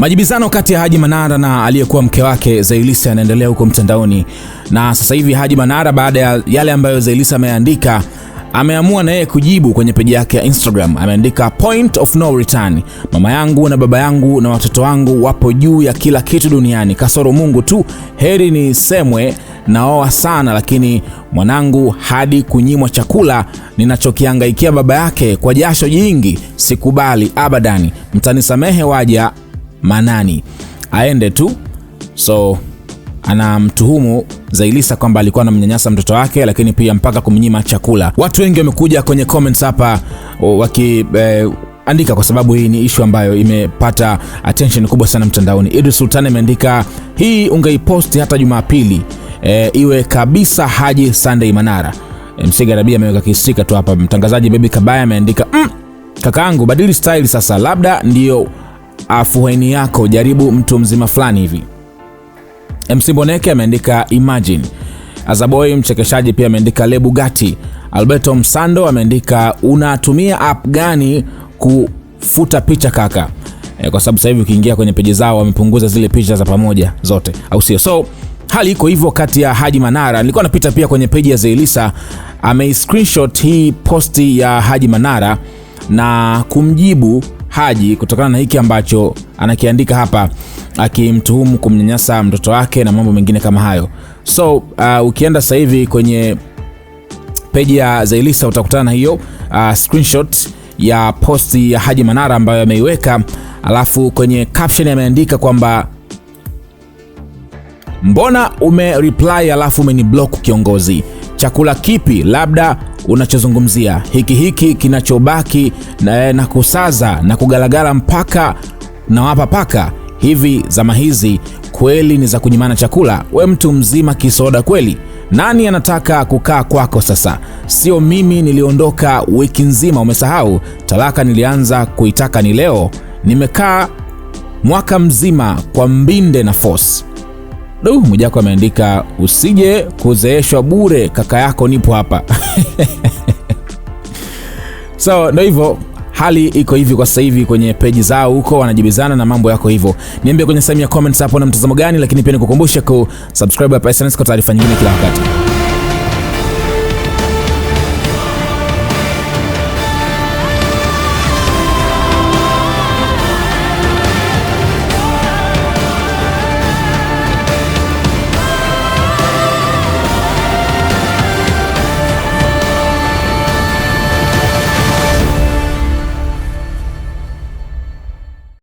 Majibizano kati ya Haji Manara na aliyekuwa mke wake Zailisa yanaendelea huko mtandaoni, na sasa hivi Haji Manara baada ya yale ambayo Zailisa ameandika ameamua na yeye kujibu kwenye peji yake ya Instagram. Ameandika point of no return, mama yangu na baba yangu na watoto wangu wapo juu ya kila kitu duniani kasoro Mungu tu. Heri ni semwe naoa sana, lakini mwanangu hadi kunyimwa chakula ninachokihangaikia baba yake kwa jasho jingi, sikubali abadani. Mtanisamehe waja Manani aende tu. So anamtuhumu Zailisa kwamba alikuwa anamnyanyasa mtoto wake, lakini pia mpaka kumnyima chakula. Watu wengi wamekuja kwenye comments hapa waki eh, andika kwa sababu hii ni ishu ambayo imepata attention kubwa sana mtandaoni. Idris Sultan ameandika hii ungeiposti hata Jumapili e, iwe kabisa Haji Sunday Manara. E, Msiga Rabia ameweka kisika tu hapa. Mtangazaji Baby Kabaya ameandika mm, kakaangu badili style sasa, labda ndio afuheni yako, jaribu mtu mzima fulani hivi. MC Boneke ameandika Imagine, Azaboy mchekeshaji pia ameandika Lebugati, Alberto Msando ameandika unatumia app gani kufuta picha kaka? E, kwa sababu sasa hivi ukiingia kwenye peji zao wamepunguza zile picha za pamoja zote, au sio? So hali iko hivyo kati ya Haji Manara. Nilikuwa napita pia kwenye peji ya Zelisa, ame screenshot hii posti ya Haji Manara na kumjibu Haji kutokana na hiki ambacho anakiandika hapa akimtuhumu kumnyanyasa mtoto wake na mambo mengine kama hayo. So uh, ukienda sasa hivi kwenye peji ya Zailisa utakutana na hiyo uh, screenshot ya posti ya Haji Manara ambayo ameiweka, alafu kwenye caption ameandika kwamba mbona umereply alafu umeniblock kiongozi, chakula kipi? Labda unachozungumzia hiki hiki kinachobaki na, na kusaza na kugalagala mpaka na wapa paka hivi zama hizi kweli ni za kunyimana chakula. We mtu mzima kisoda kweli, nani anataka kukaa kwako sasa? Sio mimi, niliondoka wiki nzima, umesahau? Talaka nilianza kuitaka ni leo, nimekaa mwaka mzima kwa mbinde na force. Du, Mwijako ameandika usije kuzeeshwa bure, kaka yako nipo hapa So ndo hivyo hali iko hivi kwa sasa hivi kwenye peji zao huko wanajibizana na mambo yako hivyo. Niambie kwenye sehemu ya comments hapo na mtazamo gani, lakini pia nikukumbusha kusubscribe hapa SnS kwa taarifa nyingine kila wakati.